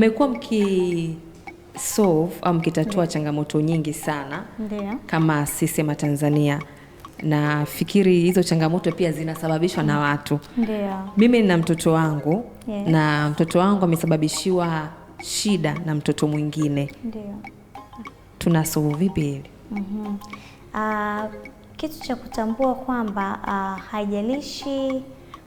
mmekuwa mki solve au mkitatua changamoto nyingi sana Ndea. kama sisema Tanzania na fikiri hizo changamoto pia zinasababishwa na watu. Ndio. Mimi nina mtoto wangu yeah. na mtoto wangu amesababishiwa shida na mtoto mwingine. Ndio. tuna suluhu vipi hili? mm-hmm. Uh, ah, kitu cha kutambua kwamba uh, haijalishi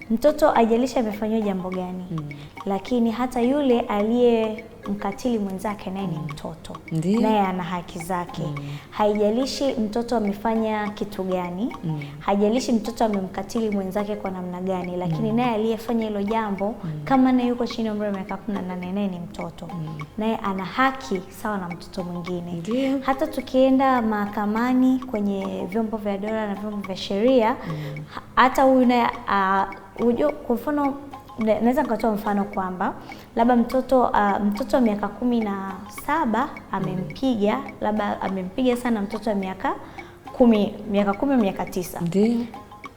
mtoto ajalisha amefanyiwa jambo gani mm. Lakini hata yule aliye mkatili mwenzake naye ni mtoto, naye ana haki zake. mm. Haijalishi mtoto amefanya kitu gani. mm. Haijalishi mtoto amemkatili mwenzake kwa namna gani, lakini mm. naye aliyefanya hilo jambo mm. kama naye yuko chini ya umri wa miaka 18 naye ni mtoto mm. naye ana haki sawa na mtoto mwingine. Hata tukienda mahakamani kwenye vyombo vya dola na vyombo vya sheria mm. hata huyu naye uh, kwa mfano naweza nikatoa mfano kwamba labda mtoto uh, mtoto wa miaka kumi na saba amempiga labda amempiga sana mtoto wa miaka kumi miaka kumi miaka tisa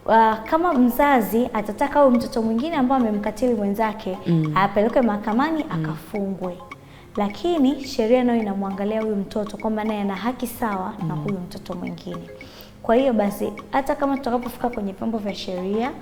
Uh, kama mzazi atataka huyu mtoto mwingine ambao amemkatili mwenzake mm. apelekwe mahakamani mm. akafungwe, lakini sheria nayo inamwangalia huyu mtoto kwamba naye ana haki sawa mm. na huyu mtoto mwingine. Kwa hiyo basi, hata kama tutakapofika kwenye vyombo vya sheria,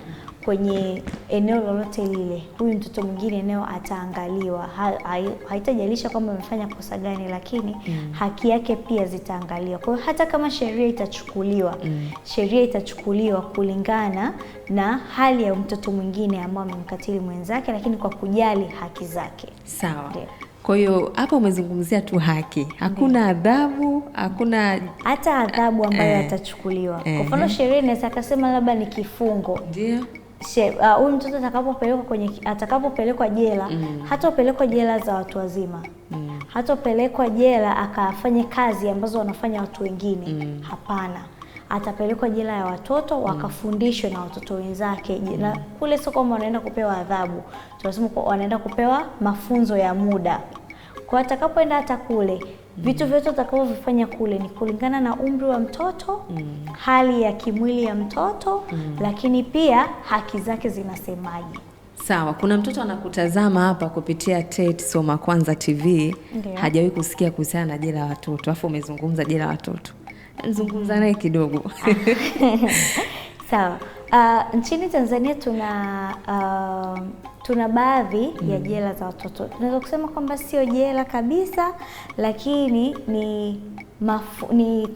kwenye eneo lolote lile, huyu mtoto mwingine eneo ataangaliwa. Ha, ha, haitajalisha kwamba amefanya kosa gani, lakini mm. haki yake pia zitaangaliwa. Kwa hiyo hata kama sheria itachukuliwa mm. sheria itachukuliwa kulingana na hali ya mtoto mwingine ambao amemkatili mwenzake, lakini kwa kujali haki zake. Sawa. Deo. Kwa hiyo hapa umezungumzia tu haki, hakuna adhabu, hakuna hata adhabu ambayo eh, atachukuliwa. Kwa eh. mfano sheria inaweza akasema labda ni kifungo, ndio ah, huyu uh, mtoto atakapopelekwa kwenye atakapopelekwa jela mm. hatapelekwa jela za watu wazima mm. hatapelekwa jela akafanye kazi ambazo wanafanya watu wengine mm. hapana atapelekwa jela ya watoto mm. wakafundishwe na watoto wenzake jela. Kule sio kwamba wanaenda kupewa adhabu, tunasema wanaenda kupewa mafunzo ya muda. Kwa atakapoenda hata kule mm. vitu vyote atakavyovifanya kule ni kulingana na umri wa mtoto mm. hali ya kimwili ya mtoto mm. lakini pia haki zake zinasemaje. Sawa, kuna mtoto anakutazama hapa kupitia TET Soma Kwanza TV, hajawahi kusikia kuhusiana na jela ya watoto, afu umezungumza jela ya watoto nizungumza naye kidogo sawa. Uh, nchini Tanzania tuna uh, tuna baadhi mm. ya jela za watoto. Naweza kusema kwamba sio jela kabisa, lakini ni mafu, ni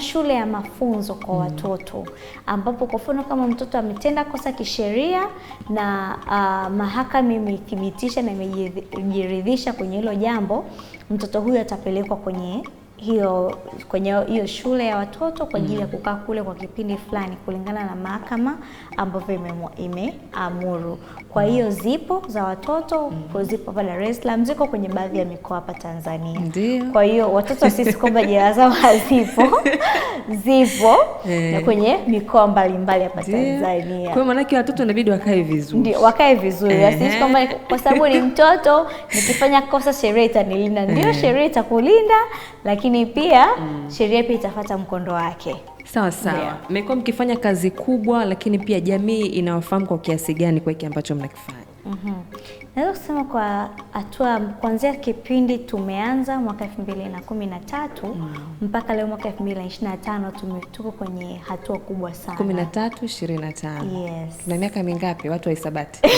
shule ya mafunzo kwa mm. watoto, ambapo kwa mfano kama mtoto ametenda kosa kisheria na uh, mahakama imethibitisha na imejiridhisha kwenye hilo jambo, mtoto huyo atapelekwa kwenye hiyo kwenye hiyo shule ya watoto kwa ajili ya mm. kukaa kule kwa kipindi fulani kulingana na mahakama ambavyo imeamuru. Kwa mm. hiyo zipo za watoto mm. zipo pale Dar es Salaam, ziko kwenye baadhi ya mikoa hapa Tanzania. Ndiyo. Kwa hiyo watoto sisi kwamba jela zao hazipo zipo hey. na eh. kwenye mikoa mbalimbali hapa Tanzania. Kwa hiyo yake watoto inabidi wakae vizuri. Ndio, wakae vizuri hey. kwamba kwa sababu ni mtoto nikifanya kosa sheria itanilinda. Ndio eh. sheria itakulinda, lakini pia mm. sheria pia itafuata mkondo wake. Sawa sawa, yeah. Mmekuwa mkifanya kazi kubwa, lakini pia jamii inawafahamu kwa kiasi gani kwa hiki ambacho mnakifanya? mm-hmm. Naweza kusema kwa hatua kuanzia kipindi tumeanza mwaka 2013 mm. mpaka leo mwaka 2025 tuko kwenye hatua kubwa sana. 13 25. Yes. Na miaka mingapi watu wa hisabati?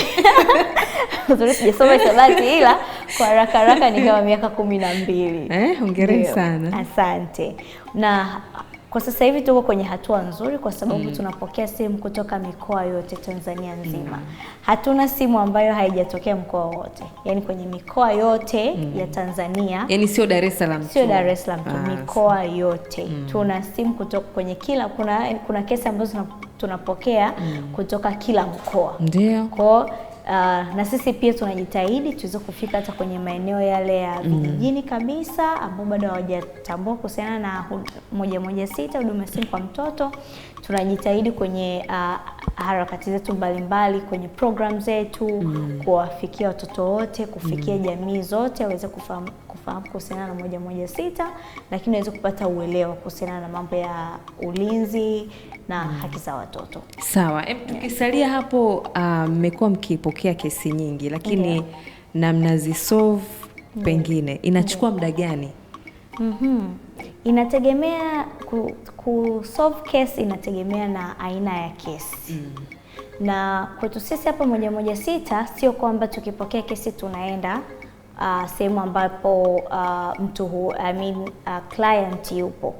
sijasoma hisabati ila kwa haraka haraka ni kama miaka 12. Eh, hongereni sana. Asante. Na kwa sasa hivi tuko kwenye hatua nzuri kwa sababu mm. tunapokea simu kutoka mikoa yote Tanzania mm. nzima mm. hatuna simu ambayo haijatokea mkoa wote, yaani kwenye mikoa yote mm. ya Tanzania, yaani sio Dar es Salaam, sio Dar es Salaam tu, ah, mikoa yote mm. tuna simu kutoka kwenye kila, kuna kuna kesi ambazo tunapokea mm. kutoka kila mkoa, ndio kwa Uh, na sisi pia tunajitahidi tuweze kufika hata kwenye maeneo yale ya mm. vijijini mm. kabisa ambao bado hawajatambua kuhusiana na moja moja sita huduma simu kwa mtoto. Tunajitahidi kwenye uh, harakati zetu mbalimbali kwenye program zetu mm. kuwafikia watoto wote, kufikia mm. jamii zote waweze kufahamu kufahamu kuhusiana na moja moja sita, lakini waweze kupata uelewa kuhusiana na mambo ya ulinzi na haki za watoto. Sawa, tukisalia yeah. hapo ah, mmekuwa uh, mkipokea kesi nyingi lakini yeah. na mnazisolve mm. pengine inachukua mm. muda gani? mm -hmm. Inategemea ku, ku solve case inategemea na aina ya kesi mm. na kwetu sisi hapa moja moja sita sio kwamba tukipokea kesi tunaenda uh, sehemu ambapo uh, mtu I mean, uh, client yupo.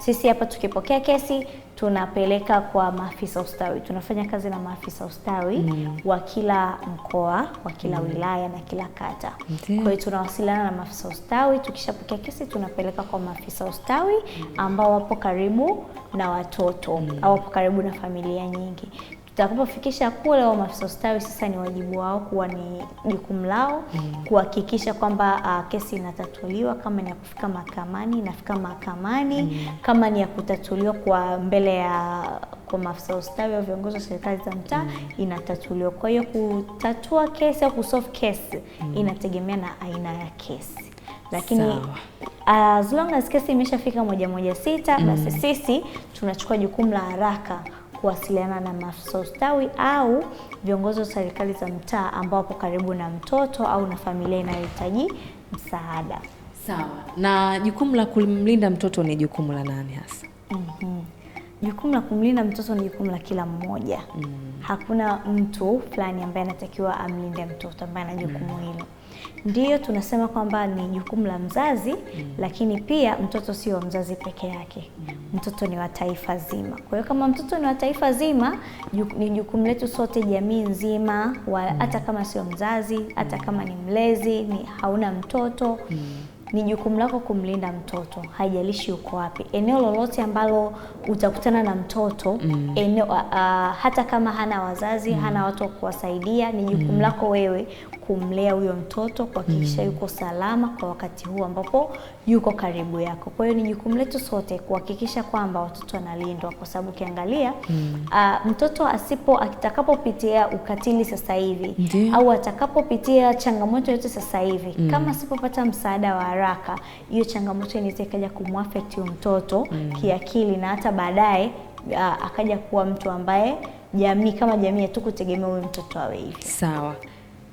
Sisi hapa tukipokea kesi tunapeleka kwa maafisa ustawi. Tunafanya kazi na maafisa ustawi mm. wa kila mkoa wa kila mm. wilaya na kila kata. Kwa hiyo tunawasiliana na maafisa ustawi, tukishapokea kesi tunapeleka kwa maafisa ustawi mm. ambao wapo karibu na watoto mm. au wapo karibu na familia nyingi tutakapofikisha kule, wa maafisa ustawi sasa ni wajibu wao, kuwa ni jukumu lao mm. kuhakikisha kwamba uh, kesi inatatuliwa. Kama ni ya kufika mahakamani inafika mahakamani mm. kama ni ya kutatuliwa kwa mbele ya kwa maafisa ustawi au viongozi wa serikali za mtaa mm. inatatuliwa. Kwa hiyo kutatua kesi au kusolve kesi mm. inategemea na aina ya kesi lakini uh, as long as kesi imeshafika moja moja sita, basi mm. sisi tunachukua jukumu la haraka kuwasiliana na maafisa ustawi au viongozi wa serikali za mtaa ambao wapo karibu na mtoto au na familia inayohitaji msaada. Sawa. Na jukumu la kumlinda mtoto ni jukumu la nani hasa? mm -hmm. Jukumu la kumlinda mtoto ni jukumu la kila mmoja. mm. Hakuna mtu fulani ambaye anatakiwa amlinde mtoto ambaye ana jukumu mm. hilo. Ndiyo tunasema kwamba ni jukumu la mzazi mm. Lakini pia mtoto sio mzazi peke yake mm. Mtoto ni wa taifa zima. Kwa hiyo kama mtoto ni wa taifa zima, ni jukumu letu sote, jamii nzima wa, hata kama sio mzazi, hata kama ni mlezi, ni hauna mtoto mm. Ni jukumu lako kumlinda mtoto, haijalishi uko wapi, eneo lolote ambalo utakutana na mtoto mm. eneo, uh, hata kama hana wazazi mm. hana watu wa kuwasaidia, ni jukumu mm. lako wewe kumlea huyo mtoto kuhakikisha mm. yuko salama kwa wakati huu ambapo yuko karibu yako. Kwa hiyo ni jukumu letu sote kuhakikisha kwamba watoto wanalindwa, kwa sababu ukiangalia mm. uh, mtoto asipo atakapopitia ukatili sasa hivi au atakapopitia changamoto yote sasa hivi mm. kama asipopata msaada wa haraka, hiyo changamoto inaweza ikaja huyo mtoto mm. kiakili na hata baadaye uh, akaja kuwa mtu ambaye jamii kama jamii hatukutegemea huyu mtoto awe hivi. Sawa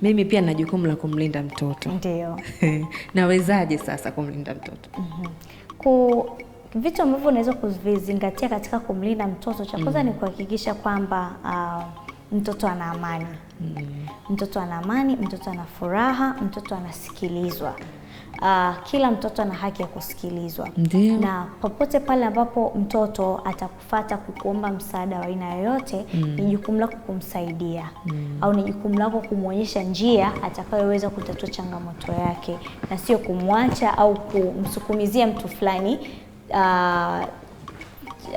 mimi pia na jukumu la kumlinda mtoto. Ndio. Nawezaje sasa kumlinda mtoto? mm -hmm. Ku vitu ambavyo unaweza kuvizingatia katika kumlinda mtoto, cha kwanza mm -hmm. ni kuhakikisha kwamba uh, mtoto ana amani mm -hmm. mtoto ana amani, mtoto ana furaha, mtoto anasikilizwa uh, kila mtoto ana haki ya kusikilizwa. Ndiyo. Na popote pale ambapo mtoto atakufata kukuomba msaada wa aina yoyote mm. ni jukumu lako kumsaidia mm. au ni jukumu lako kumwonyesha njia atakayoweza kutatua changamoto yake, na sio kumwacha au kumsukumizia mtu fulani uh,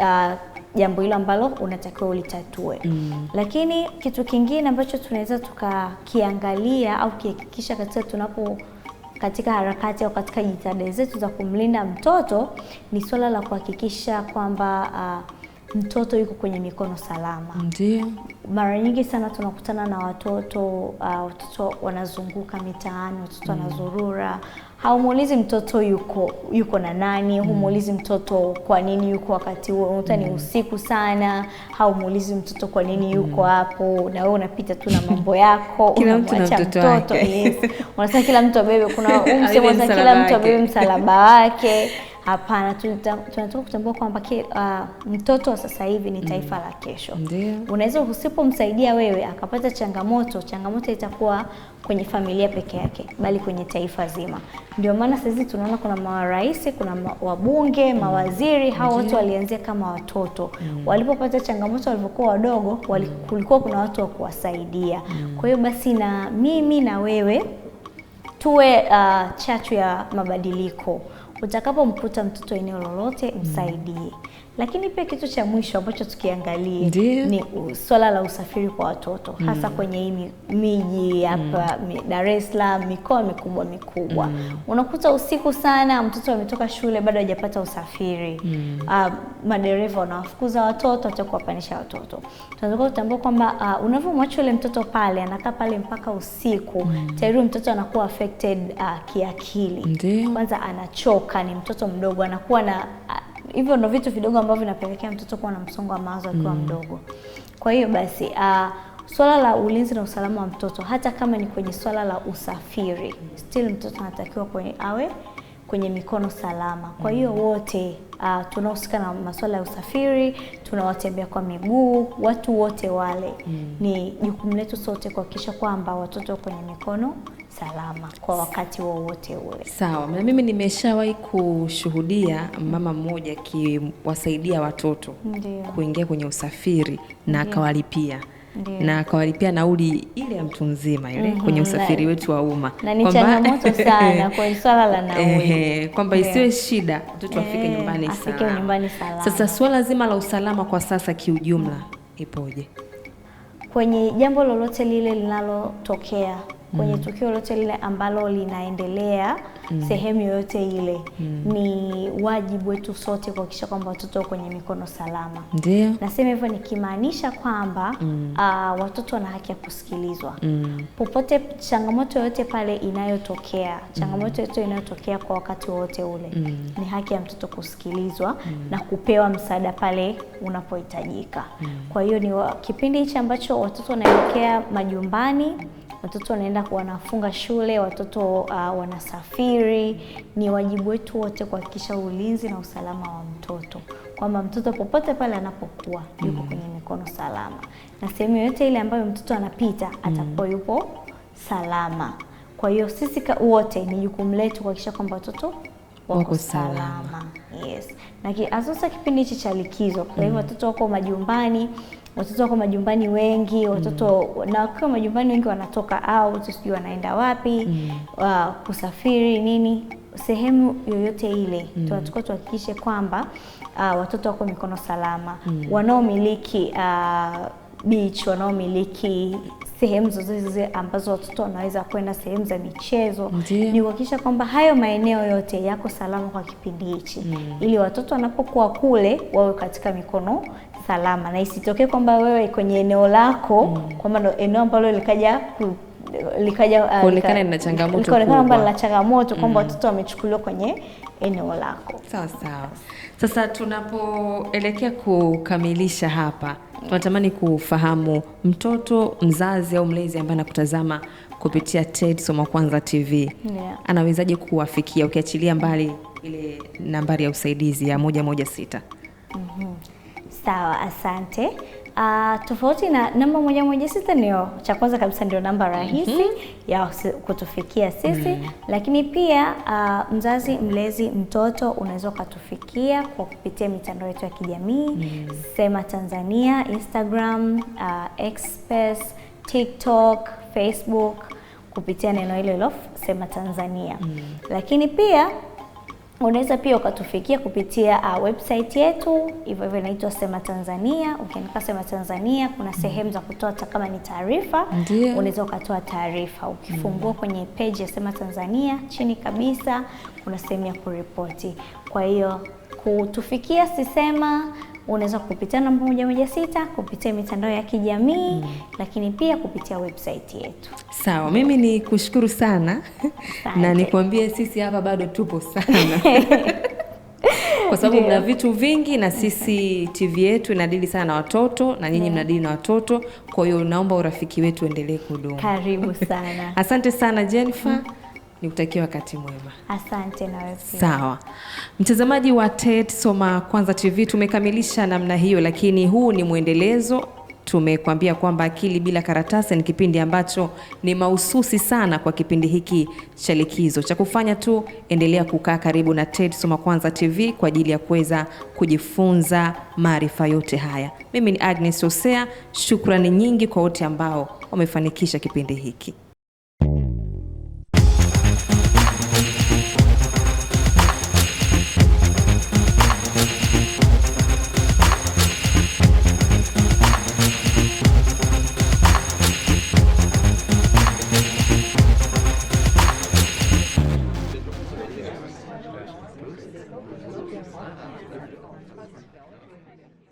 uh, jambo hilo ambalo unatakiwa ulitatue. Mm. Lakini kitu kingine ambacho tunaweza tukakiangalia au kihakikisha katika tunapo katika harakati au katika jitihada zetu za kumlinda mtoto ni swala la kuhakikisha kwamba uh, mtoto yuko kwenye mikono salama. Ndiyo. Mara nyingi sana tunakutana na watoto uh, watoto wanazunguka mitaani, watoto mm. wanazurura, mm haumuulizi mtoto yuko yuko na nani, mm. humuulizi mtoto kwa nini yuko wakati huo, unakuta ni mm. usiku sana, haumuulizi mtoto kwa nini mm. yuko hapo, na wewe unapita tu na mambo yako, unamwacha mtoto. Yes, unataka kila mtu abebe, kuna umse, kila mtu abebe msalaba wake Hapana, tunataka kutambua kwamba uh, mtoto wa sasa hivi ni mm. taifa mm. la kesho. Ndio unaweza usipomsaidia wewe akapata changamoto, changamoto itakuwa kwenye familia peke yake, bali kwenye taifa zima. Ndio maana sisi tunaona kuna marais, kuna wabunge, mm. mawaziri, hao watu walianzia kama watoto mm. walipopata changamoto walipokuwa wadogo, mm. kulikuwa kuna watu wa kuwasaidia mm. kwa hiyo basi, na mimi na wewe tuwe uh, chachu ya mabadiliko. Utakapomkuta mtoto eneo lolote, msaidie. Lakini pia kitu cha mwisho ambacho tukiangalie ni swala la usafiri kwa watoto mm. hasa kwenye hii miji hapa mm. Dar es Salaam, mikoa mikubwa mikubwa mm. unakuta usiku sana mtoto ametoka shule bado hajapata usafiri mm. uh, madereva wanawafukuza watoto hata kuwapanisha watoto. Tunataka kutambua kwamba uh, unavyomwacha yule mtoto pale, anakaa pale mpaka usiku mm. tayari mtoto anakuwa affected uh, kiakili. Kwanza anachoka, ni mtoto mdogo, anakuwa na uh, hivyo ndo vitu vidogo ambavyo vinapelekea mtoto kuwa na msongo wa mawazo akiwa mm. mdogo. Kwa hiyo basi uh, swala la ulinzi na usalama wa mtoto, hata kama ni kwenye swala la usafiri, still mtoto anatakiwa kwenye awe kwenye mikono salama. Kwa mm. hiyo wote uh, ah, tunahusika na masuala ya usafiri, tunawatembea kwa miguu, watu wote wale mm. Ni jukumu letu sote kuhakikisha kwamba watoto kwenye mikono salama kwa wakati wowote ule. Sawa, na mimi nimeshawahi kushuhudia mama mmoja akiwasaidia watoto kuingia kwenye usafiri na akawalipia na akawalipia nauli ile ya mtu mzima yule mm -hmm. kwenye usafiri wetu wa umma, na ni sana kwa swala la nauli, kwamba isiwe shida mtoto afike eh, nyumbani salama. Sasa swala zima la usalama kwa sasa kiujumla ipoje? Kwenye jambo lolote lile linalotokea kwenye mm. tukio lolote lile ambalo linaendelea mm. sehemu yoyote ile mm. ni wajibu wetu sote kuhakikisha kwamba watoto wako kwenye mikono salama. Ndio nasema hivyo nikimaanisha kwamba mm. uh, watoto wana haki ya kusikilizwa mm. popote, changamoto yoyote pale inayotokea, changamoto mm. yoyote inayotokea kwa wakati wowote ule mm. ni haki ya mtoto kusikilizwa mm. na kupewa msaada pale unapohitajika mm. kwa hiyo ni wa, kipindi hichi ambacho watoto wanaelekea majumbani watoto wanaenda wanafunga shule, watoto uh, wanasafiri. Ni wajibu wetu wote kuhakikisha ulinzi na usalama wa mtoto, kwamba mtoto popote pale anapokuwa yuko mm. kwenye mikono salama, na sehemu yoyote ile ambayo mtoto anapita mm. atakuwa yupo salama. Kwa hiyo sisi wote ni jukumu letu kuhakikisha kwamba watoto wako salama. Yes hasa kipindi hichi cha likizo. Kwa hivyo mm. watoto wako majumbani, watoto wako majumbani wengi, watoto mm. na wakiwa majumbani wengi wanatoka out, sijui wanaenda wapi, mm. wa kusafiri nini, sehemu yoyote ile tunatakiwa tuhakikishe kwamba uh, watoto wako mikono salama, wanaomiliki uh, beach wanaomiliki sehemu zozote ambazo watoto wanaweza kwenda, sehemu za michezo, ni kuhakikisha kwamba hayo maeneo yote yako salama kwa kipindi hichi mm. ili watoto wanapokuwa kule wawe katika mikono salama, na isitokee kwamba wewe kwenye eneo lako mm. kwamba eneo ambalo likaja likaja uh, kuonekana lina changamoto, kwamba lina changamoto kwamba watoto wamechukuliwa kwenye eneo lako. Sawa sawa. Sasa tunapoelekea kukamilisha hapa, tunatamani kufahamu mtoto, mzazi au mlezi ambaye anakutazama kupitia TET Soma Kwanza TV yeah, anawezaje kuwafikia ukiachilia mbali ile nambari ya usaidizi ya moja moja sita? mm -hmm. Sawa, asante. Uh, tofauti na namba moja moja sita ndio cha kwanza kabisa ndio namba rahisi mm -hmm. ya kutufikia sisi mm -hmm. Lakini pia uh, mzazi mlezi mtoto unaweza ukatufikia kwa kupitia mitandao yetu ya kijamii mm -hmm. Sema Tanzania, Instagram, uh, ah, Xpress TikTok, Facebook kupitia neno hilo hilo Sema Tanzania mm -hmm. Lakini pia Unaweza pia ukatufikia kupitia uh, website yetu hivyo hivyo inaitwa Sema Tanzania. Ukiandika Sema Tanzania kuna mm. sehemu za kutoa hata kama ni taarifa, unaweza ukatoa taarifa. Ukifungua mm. kwenye page ya Sema Tanzania chini kabisa kuna sehemu ya kuripoti. Kwa hiyo kutufikia sisema unaweza kupitia namba moja moja sita kupitia mitandao ya kijamii mm. lakini pia kupitia website yetu. Sawa, mimi ni kushukuru sana na nikuambie sisi hapa bado tupo sana kwa sababu mna vitu vingi na sisi TV yetu inadili sana na watoto na nyinyi mnadili na watoto. Kwa hiyo naomba urafiki wetu uendelee kudumu. Karibu sana asante sana Jennifer. Mm nikutakie wakati mwema. Asante na wewe pia. Sawa mtazamaji wa TET Soma Kwanza TV, tumekamilisha namna hiyo, lakini huu ni mwendelezo tumekwambia kwamba akili bila karatasi ni kipindi ambacho ni mahususi sana kwa kipindi hiki cha likizo. Cha kufanya tu endelea kukaa karibu na TET Soma Kwanza TV kwa ajili ya kuweza kujifunza maarifa yote haya. Mimi ni Agnes osea shukrani nyingi kwa wote ambao wamefanikisha kipindi hiki.